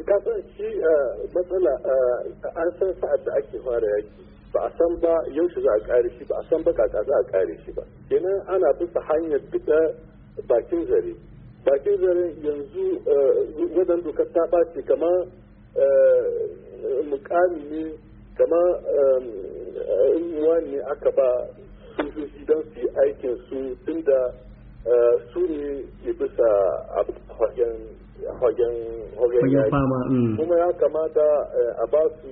Eh, kasar shi eh, matsala eh, an san sa'ad da ake fara yaki ba a san ba yaushe za a kare shi ba a san ba kaka za a kare shi ba kenan ana bisa hanyar duka bakin zare bakin zare yanzu wadan dokar ta ɓace kamar mukami ne kama inuwa ne aka ba sojoji don su yi aikin su tunda su ne bisa abu hagen fama mm. kuma ya kamata eh, a ba su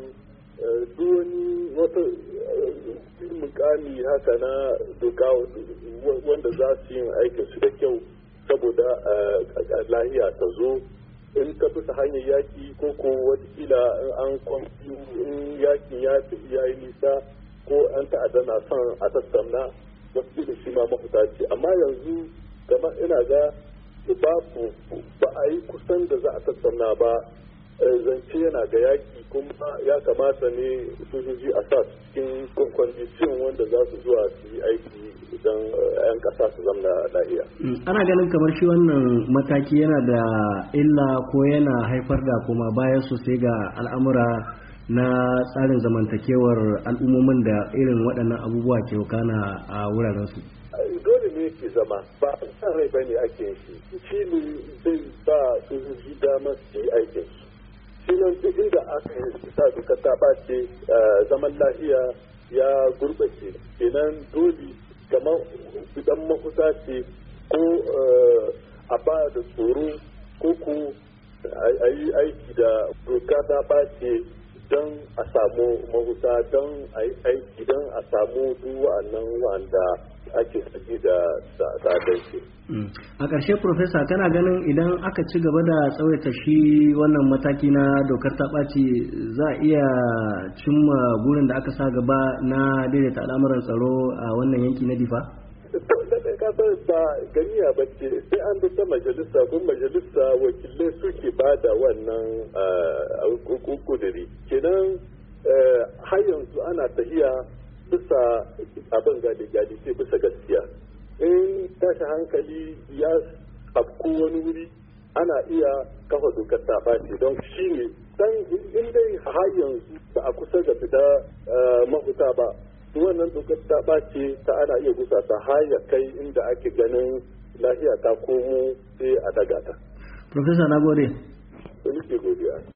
eh, doni wata eh, mukami haka na doka wanda za su yin aikin su da kyau saboda lahiya ta zo in ka bisa hanyar yaki ko ko watakila an kwamfi in yakin ya yi nisa ko an ta'adda na son a tattauna wasu da shi ma mafuta ce amma yanzu kamar ina ga babu ba a yi kusan da za a tattauna ba eh, zance yana ga yaki kuma ya kamata ne sojoji a sa cikin kwandishin wanda za su zuwa su yi aiki idan 'yan eh, ƙasa su zamna lahiya. ana ganin kamar shi wannan mataki yana da illa ko yana haifar da kuma bayan sosai ga al'amura na tsarin zamantakewar al'ummomin da irin waɗannan abubuwa ke wakana a wuraren su dole ne ke zama ba a san rai bane ake shi shi ne zai ba sojoji damar su yi aikin shi nan duk inda aka yi su sa duka ta ce eh, zaman lafiya ya gurɓace kenan dole kamar idan mafuta ce ko eh, a ba da tsoro ko ko a yi aiki da doka ta ɓace don a samu mahuta don a yi aiki don a samu duk nan wanda ake saki da sadarci. Mm. a ƙarshe profesa kana ganin idan aka ci gaba da tsawaita shi wannan mataki na dokar ta ɓaci za a iya cimma gurin da aka sa gaba na daidaita al'amuran tsaro a wannan yanki na difa? kasar ba gari a bace sai an bi ta majalisa kun majalisa wakilai suke ba da wannan kudiri kenan har yanzu ana tahiya bisa abin gadi gadi sai bisa gaskiya in tashi hankali ya afko wani wuri ana iya kafa dokar ta ɓaci don shi ne dan in har yanzu ba a kusa da fita mahuta ba wannan dokar ta ɓace ta ana iya gusa ta haya kai inda ake ganin lafiya ta komo sai a daga ta. Profesa na gode. godiya.